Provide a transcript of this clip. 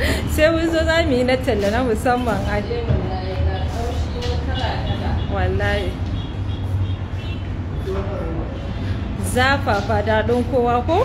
sai mun zo za mu yi na talla na musamman a wallahi zafafa daɗin kowa ko